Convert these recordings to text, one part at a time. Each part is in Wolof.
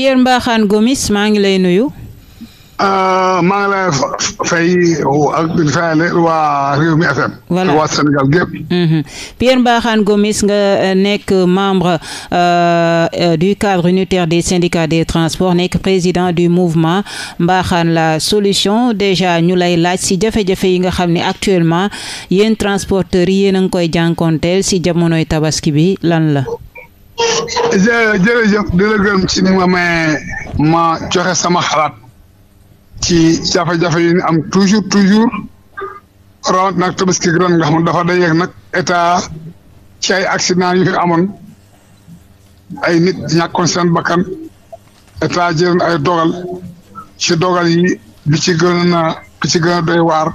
Pierre mbaaxaan Gomis maa ngi lay nuyu. Ah, maa ngi lay fay mhm. nga euh, nekk membre euh, euh, du cadre unitaire des syndicats des transports nekk président du mouvement Mbakhane la solution déjà ñu lay laaj si jafe-jafe yi nga xam ni actuellement yéen transporteurs yi yéen a ngi koy jànkonteel si jamonoy tabaski bi lan la. jërëjëf di la gërëm ci ni ma may ma joxe sama xalaat ci jafe-jafe yi ñu am toujours toujours rawat nag tabaski gi ron nga xam dafa dajeeg nag état ci ay accident yu fi amoon ay nit ñàkkoon seen bakkan état jëloon ay dogal ci dogal yi bi ci gën a bi ci gën waar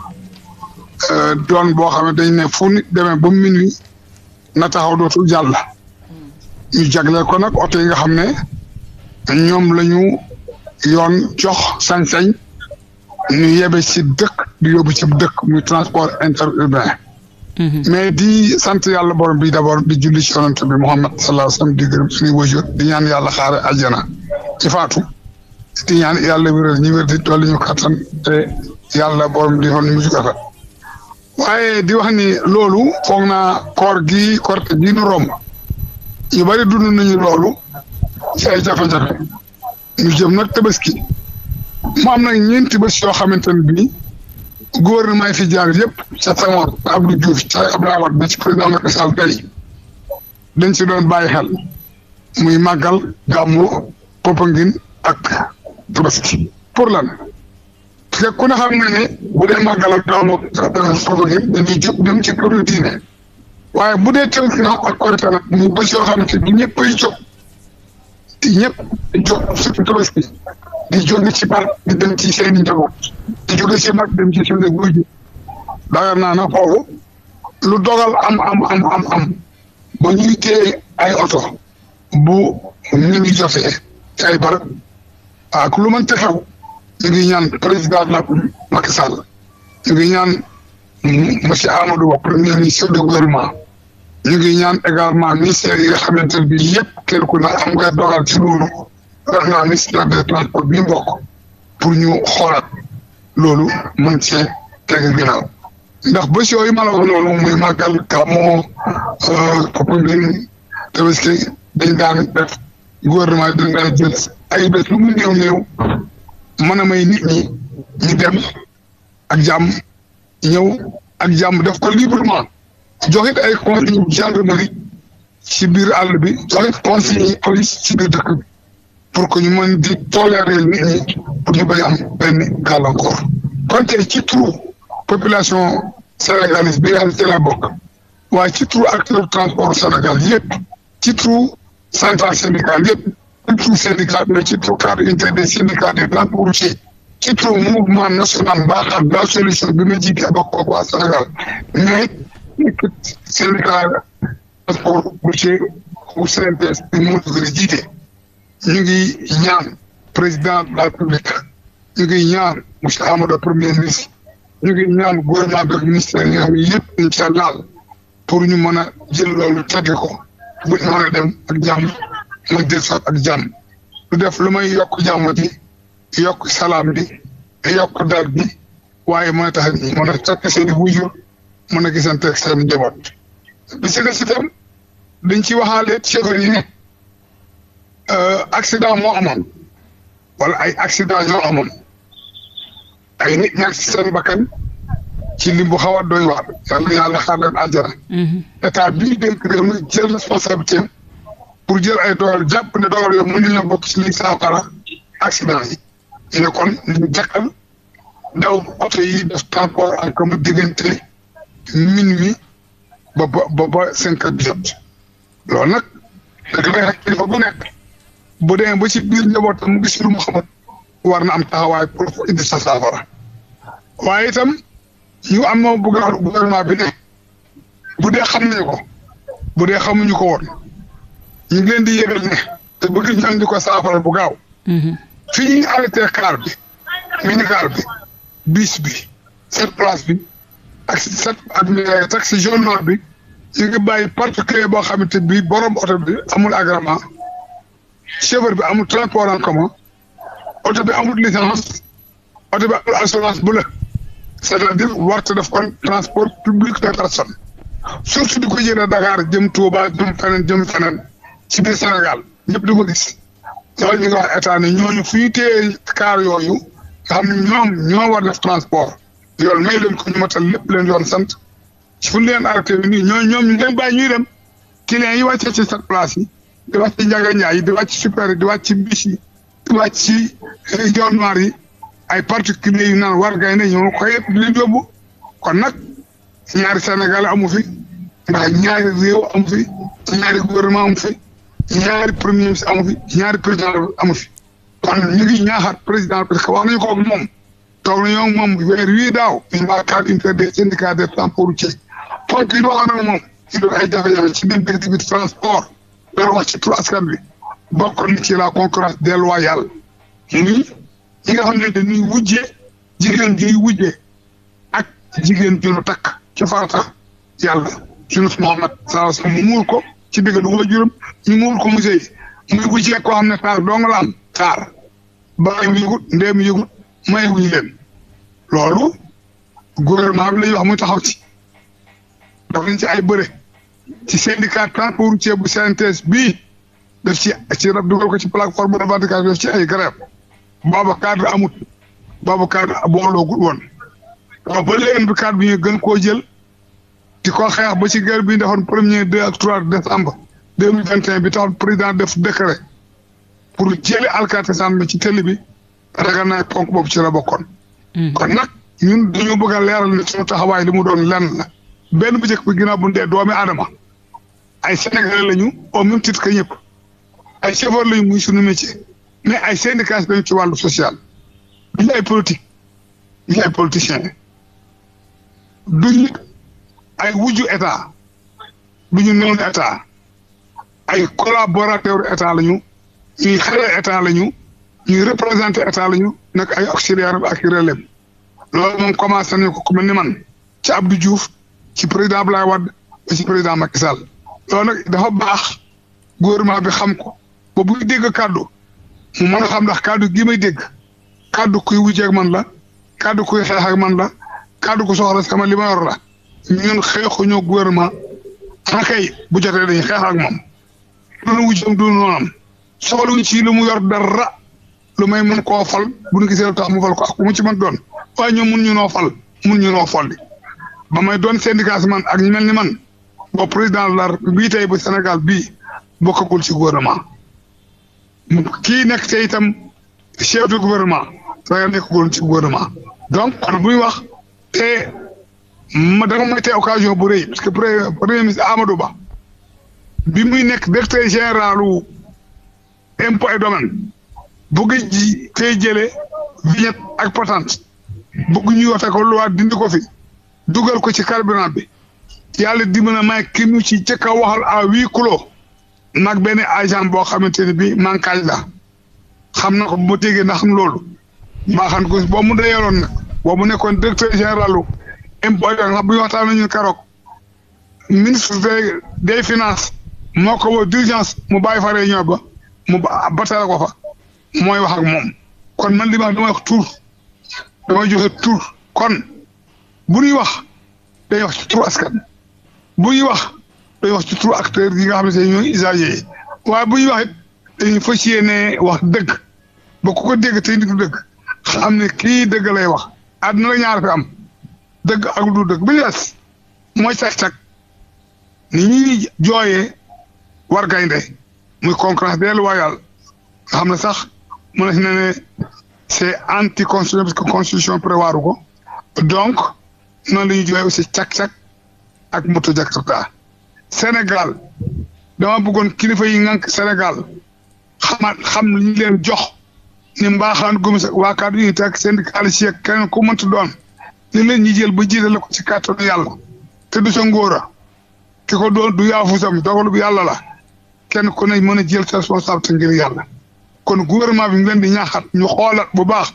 euh, doon boo xam ne dañ ne fu nit demee ba minuit na taxaw dootul jàll ñu jagleel ko nag oto yi nga xam ne ñoom la ñu yoon jox sañ-sañ ñu yebe ci dëkk di yobu ci dëkk muy transport interurbain mhm. mais di sant yàlla borom bi d'abord di julli ci yonent bi Muhammad sallallahu alayhi wa sallam di gërëm suñuy wajur di ñaan yàlla xaare aljana ci faatu di ñaan yàlla wéral ñu wér di ñu kattan te yàlla borom di xool ñu mujj rafet waaye di wax ni loolu foog naa koor gi korte gi nu romb ñu bari dund nañu loolu ci ay jafe-jafe ñu jëm nag tabaski mu am nag ñeenti bés yoo xamante ne bii gouvernement yi fi jaar yëpp ca Senghor ca Abdou Diouf ca Abdoulaye Wade ba ci président Macky Sall tey dañ si doon bàyyi xel muy màggal gàmmu Popenguine ak tabaski pour lan te ku ne xam na ne bu dee màggal ak gàmmu Popenguine dañuy jóg dem ci këru diine waaye bu dee teel ginnaaw ak korite nag mu bés yoo xam ne bi ñëpp ay jóg di ñëpp jóg surtout tabaski di jóge ci barab di dem ci seen i njaboot di jóge ci mag dem ci seen dagar naa na foofu lu dogal am am am am am ba bu ñu ngi jotee ci ay barab ak lu mënti xew ñaan président la Macky Sall ñu ñaan monsieur Amadou Ba premier ministre de gouvernement ñu ngi ñaan également ministère yi nga xamante ne bii yëpp kenn ku ne am nga dogal ci loolu wax bi mbokk pour ñu xoolaat loolu mën cee teg ginnaaw ndax bés yooyu ma la wax noonu muy màggal Gàmmu Popenguine euh, Tabaski dañ daan dañ daan jël ay bés lu mu néew néew mën a may nit ñi ñu dem ak jàmm ñëw jàmm def ko librement joxe ko ay consigne gendarmerie ci biir àll bi joxe ko polis police dëkk bi pour que ñu mën di tolérer nit ñi pour ñu bañ am benn gàllankoor kon ci turu population sénégalaise bi nga xam ne ci la bokk waaye ci turu acteur transport Sénégal yëpp ci turu central syndical yëpp ci turu syndicat mais ci turu cadre unité des syndicats des transports routiers ci turu mouvement national mbaaxal la solution bi ma jiite bokk ko waa Sénégal syndicat transport routier bu CNTS bi mu la jiite ñu ngi ñaan président de la République ñu ngi ñaan monsieur Amadou premier ministre ñu ngi ñaan gouvernement bi ministère yi nga xam ne yëpp incha allah pour ñu mën a jël loolu tegge ko bu ñu mën a dem ak jàmm mu jël lu def lu may yokk jàmm yokk salaam bi yokk dal bi waaye mën tax mën a fekk seen mën a gisante ak seen njaboot bi si des itam dañ ci waxaale chauffeur yi ne euh, accident moo amoon wala ay accident yoo amoon ay nit ñàkk si seen ci lim bu xaw a doy waar yàlla yàlla xaar leen àjjana mm-hmm. état bi ñu dénk réew mi jël responsabilité pour jël ay dogal jàpp ne dogal yooyu mënuñu la bokk ci liy saafara accident yi ñu kon ñu jakkal daw oto yi def transport en commun diggante minuit ba ba ba cinq heures du jot loolu nag dëgg la rek ba ci biir njabootam mu gis mu xamul war na am taxawaay pour indi sa saafara waaye itam ñu am na bëgg a bi ne bu dee xam nañu ko bu dee xamuñu ko woon ñu leen di yëgal ne te bëgg ñu andi ko saafara bu gaaw. Mm-hmm. fi ñuy arrêté car bi minicar bi bis bi cette place bi. ak chaque taxi zone nord bi ci nga bàyyi particulier boo xamante bi borom oto bi amul agrément chauffeur bi amul transport en commun oto bi amul licence oto bi amul assurance bu la cest à def kon transport public de personne surtout di ko jëlee Dakar jëm Touba jëm feneen jëm feneen ci biir Sénégal ñëpp di ko gis ñooñu ñu ngi wax état ne ñooñu fii téye kaar yooyu nga xam ne ñoom ñoo war def transport yoon may leen ko ñu matal leen yoon sant fu ñu leen arrêté nii ñooñu ñoom ñu leen bàyyi ñuy dem clients yi wàccee ci seen place yi di wàcc ci Ndiaga yi di wàcc super di wàcc ci bis di wàcc ci eh, yoon noir yi ay particuliers yu naan war gay ne ñoo ko yëpp di leen yóbbu kon nag ñaari Sénégal amu fi ndax ñaari réew amu fi ñaari gouvernement amu fi ñaari premier ministre amu fi ñaari président amu fi kon ñu ngi ñaaxaat président parce que wax nañu ko ak moom taw nañoo moom weer wii daaw dañ maa cadre unitaire des syndicats des transports routiers ponk yi doxoon moom ci doon ay jafe-jafe ci biir dëkk bi transport dara wax ci turu askan bi bokk na ci la concurrence déloyale nii ñi nga xam ne ni wujje jigéen ji wujje ak jigéen ji nu takk ci farata yàlla sunu Muhammad saa su mu muur ko ci digg du wala juróom ñu muur ko musée muy wujje koo xam ne taar doo nga la am taar bàyyi mu yëgut ndee mu mayewuñu leen loolu gouvernement bi la ñuy muy taxaw ci daf nañ ci ay bëre ci syndicat transport routier ceebu CNTS bii def ci ci rab dugal ko ci plateforme de revendication def ci ay grève booba cadre amut booba cadre booloogul woon waaw ba léegi cadre bi ñu gën koo jël di ko xeex ba ci guerre bi ñu defoon premier deux ak trois décembre deux mille vingt et un bi taxoon président def décret pour jëli alcatrazam bi ci télé bi ragal naa ponk boobu ci la bokkoon. Hmm. kon nag ñun dañoo bëgg a leeral ne suñu taxawaay li mu doon lenn benn bu njëkk bi ginnaaw bu ñu dee doomi aadama ay sénégalais lañu au même titre que ñëpp ay chauffeur lañu muy suñu métier mais ay syndicats lañu ci wàllu social duñu ay politique duñu ay politiciens duñu ay wujju état duñu noonu état ay collaborateurs état lañu ñuy xale état lañu. ñu représenté état lañu nag ay auxiliaire ak i relève loolu moom commencé nañu ko ko mel ni man ci Abdou Diouf ci président Abdoulaye Wade ba ci président Macky Sall loolu nag dafa baax gouvernement bi xam ko ba buy dégg kàddu mu mën a xam ndax kaddu gi may dégg kàddu kuy wujjeeg man la kaddu kuy xeex ak man la kàddu ku soxla sama li ma yor la ñun xeexuñoo gouvernement anakay bu jotee dañuy xeex ak moom. du nu wujjam du nu noonam ci lu mu yor dara. lu may mun koo fal bu ñu gisee mu fal ko ak ku mu ci mën doon waaye ñoom mun ñu noo fal mun ñu noo folli ba may doon syndicat si man ak ñu mel ni man boo président de la bii tey bu Sénégal bii bokkagul ci gouvernement kii nekk te itam chef de gouvernement Sénégal nekkagul ci gouvernement donc kon bu wax te ma danga may tey occasion bu rëy parce que premier ministre Amadou Ba bi muy nekk directeur général impôt et domaine bugg ji tey jële vignette ak patente bugg ñu wote ko loi dindi ko fi dugal ko ci carburant bi yàlla di mën a may ki mu ci jëkk a waxal à huis clos nag benn agent boo xamante ne bi manquage la xam na ko bu ma déggee ndax loolu maa xam ko bo mu dayaloon nag boo mu nekkoon directeur général lu impôt nga bu ñu waxtaan nañu keroog ministre des finance moo ko woo mu bàyyi fare réunion ba mu batale ko fa mooy wax ak moom kon man li ma wax damay wax tur damay joxe tur kon bu ñuy wax day wax ci turu askan bu ñuy wax day wax ci turu acteur yi nga xam ne se ñooy usagers yi waaye bu ñuy wax it dañuy fas yéene wax dëgg ba ku ko dégg tey nit ku dëgg xam ne kii dëgg lay wax àdduna la ñaar fi am dëgg ak du dëgg ba ñu des mooy cag-cag ni ñuy jooyee war gaynde muy concurrence delluwaayal nga xam ne sax mu ne ne c'est anti constitutionnel parce constitution prévoiru ko donc noonu la ñuy si aussi cak-cak ak moto jakarta Sénégal dama bëggoon kilifa yi ngànk Sénégal xamaat xam li leen jox ni mbaaxaan gomis ak waa kàddu unité ak syndicaliste ak keneen ku mënta doon li leen ñi jël ba jiitale ko ci kàttanu yàlla te du sa ngóora doon du yaafusam dogalu bu yàlla la kenn ku ne mën a jël sa responsabilité ngir yàlla kon gouvernement bi ñu leen di ñaaxaat ñu xoolaat bu baax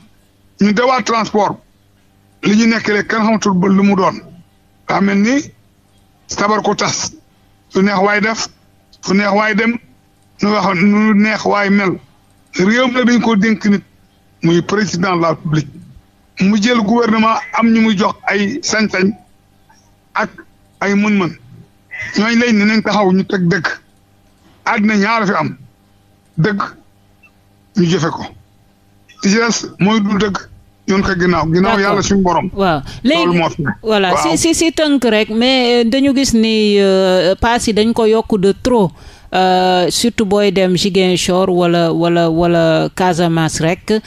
ñu dewaa transport li ñu nekk rek kenn xamatul ba mu doon daa mel ni sabar ku tas fu neex waay def fu neex waay dem nu wax neex waay mel réew mi la dañ ko dénk nit muy président la République mu jël gouvernement am ñu muy jox ay sañ ak ay mën-mën ñooñ lay ne nañ taxaw ñu teg dëgg àddina ñaar fi am dëgg ñu jëfe ko yes mooy dul dëgg ñun ko ginnaaw ginnaaw yàlla suñu borom. waaw léegi voilà si si si tënk rek mais euh, dañu gis ni euh, paas yi dañ ko yokk de trop euh, surtout booy dem Ziguinchor wala wala wala Casamance rek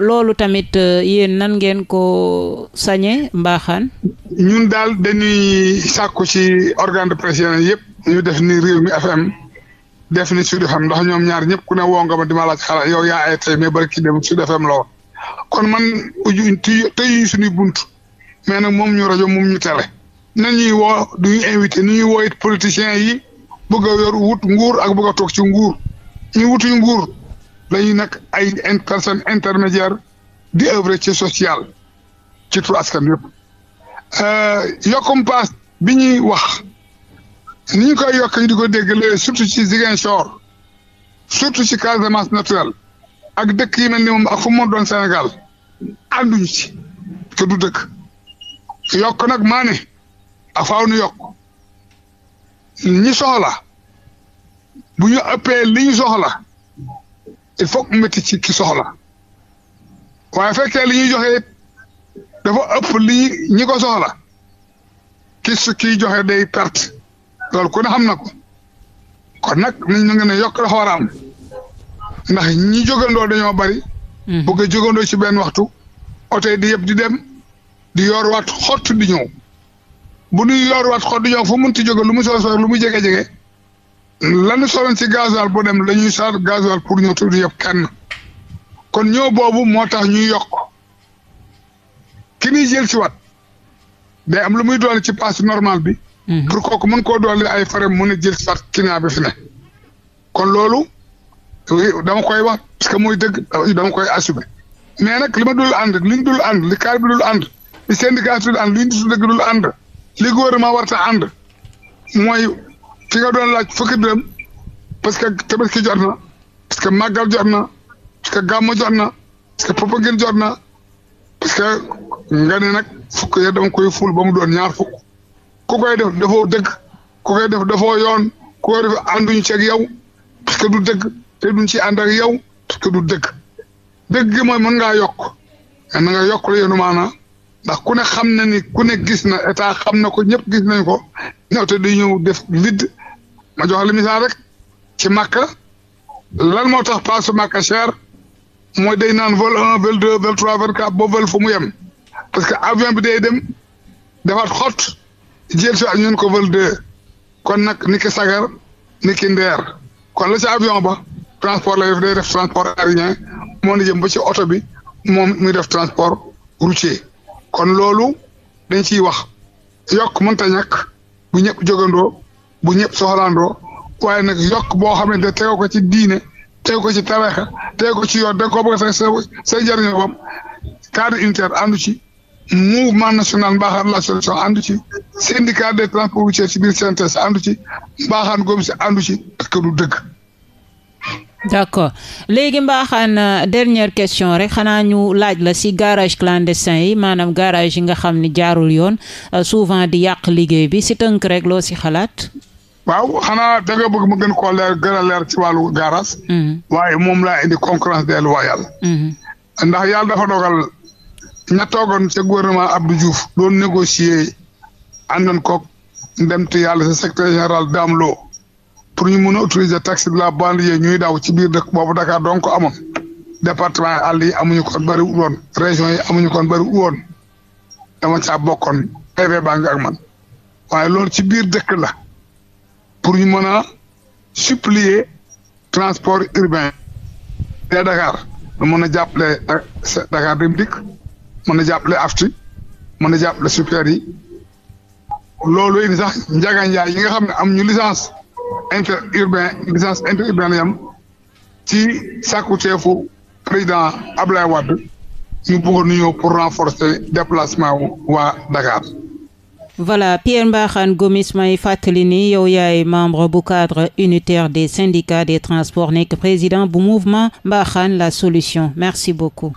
loolu tamit yéen nan ngeen ko sañe mbaaxaan. ñun daal dañuy sàkku ci organe de pression yëpp ñu def ni Rewmi FM. def ni Sud ndax ñoom ñaar ñëpp ku ne woo nga ma dima laaj xalaat yow yaa ay dem Sud FM kon man uju tey suñuy bunt mais nag moom ñu rajo moom ñu télé nañuy woo duñu invité ni ñuy woo it politiciens yi bëgg a yor wut nguur ak bëgg a toog ci nguur ñu wutuñ nguur lañuy nag ay personne intermédiaire di œuvre ci social ci tur askan yëpp euh, yokkum paas bi ñuy wax ni ñu koy yokk ñu di ko dégg surtout ci Ziguinchor surtout ci Casamance naturelle ak dëkk yi mel ni moom ak fu mu doon Sénégal ànduñu ci te dëkk yokk nag maa ne nu yokk ñi soxla bu ñu ëppee li ñu soxla il faut que ci ki soxla waaye fekk li ñuy joxe dafa ëpp li ñi ko soxla ki su kiy joxe day pert loolu ko ne xam na ko kon nag nañ na nga ne yokk dafa war a am ndax ñi jógandoo dañoo bari hmm. bu ko jógandoo ci benn waxtu oto yi di yëpp di dem di yoor wat xott di ñëw bu ñuy yoor waat xott di ñëw fu munti jóge lu mu soo soo lu mu jege-jege lanu soloon ci gasoil bu dem dañuy saar gasoil pour ñëw di yëpp kenn kon ñëw boobu moo tax ñuy yokk ki ñuy jël ci wat day am lu muy doole ci passe normal bi Mm-hmm. pour kooku mën koo dolli ay frais mun a jël sart client bi fi ne kon loolu dama koy wax parce que mooy dëgg dama koy assumer mais nag li ma dul ànd li ñu dul ànd li kaar bi dul ànd li syndicat dul ànd li ñu dul dëgg dul ànd warta ànd mooy fi nga doon laaj fukki dërëm parce que ki jot na parce que màggal jot na parce que gàmmu jot na parce que popa ngin jot na parce que nga nag fukk ya dama koy ful ba mu doon ñaar fukk ku koy def dafoo dëgg ku koy def defoo yoon ku koy def ànduñ ci ak yow parce que du dëgg te duñ ci ànd ak yow parce que du dëgg dëgg mooy mën ngaa yokk na nga yokk la yéenu maana ndax ku ne xam na ni ku ne gis na état xam na ko ñëpp gis nañ ko ñëw te di ñëw def vide ma jox la misaal rek ci Makka lan moo tax paasu Makka cher mooy day naan vol un vol deux vol trois vol quatre ba vol fu mu yem parce que avion bi day dem defaat xott jël si ñun ko vol deux kon nag ni ki sagar ni ki ndeer kon la ci avion ba transport lay def day def transport aérien moo na jëm ba ci oto bi moom muy def transport routier kon loolu dañ ciy wax yokk mënta ñàkk bu ñëpp jógandoo bu ñëpp soxlaandoo waaye nag yokk boo xam ne tegoo ko ci diine tegu ko ci tarixa tegu ko ci yoon da nga koo bëgg sa sa sa njëriñoo bam cadre unitaire àndu ci mouvement national mbaaxaan la solution àndu ci syndicat des transports routiers ci biir CNTS àndu ci mbaaxaan góob si àndu ci parce que du dëgg. d'accord léegi mbaaxaan dernière question rek xanaa ñu laaj la si garage clandestin yi maanaam garage yi nga xam ni jaarul yoon euh, souvent di yàq liggéey bi si tënk rek loo si xalaat. waaw xanaa da bëgg mu gën koo leer gën a leer ci wàllu garage. Mm-hmm. waaye moom laa indi concurrence déloyale. Mm-hmm. ndax yàlla dafa dogal. ña toogoon ca gouvernement Abdou Diouf doon négocier àndoon koog ndemtu yàlla sa secrétaire général Dame Lo pour ñu mun a autoriser taxi de la banlieue ñuy daw ci biir dëkk boobu Dakar doon ko amoon département yi àll yi amuñu kon bëri woon région yi amuñu kon bëri woon dama caa bokkoon PV baa ngi man waaye loolu ci biir dëkk la pour ñu mën a supplier transport urbain de Dakar lu mën a jàppale Dakar dem dikk mën na jàppale aftu mën na jàppale sukkar yi loolu indi sax njaaganjaay yi nga xam ne am ñu licence inter urbain licence inter urbain la yam ci président Ablaye Wade ñu bëggoon ñu pour renforcer déplacement wu waa Dakar. voilà Pierre Mbakhane Gomis may fàttali ni yow yaay membre bu cadre unitaire des syndicats des transports nekk président bu mouvement Mbakhane la solution merci beaucoup.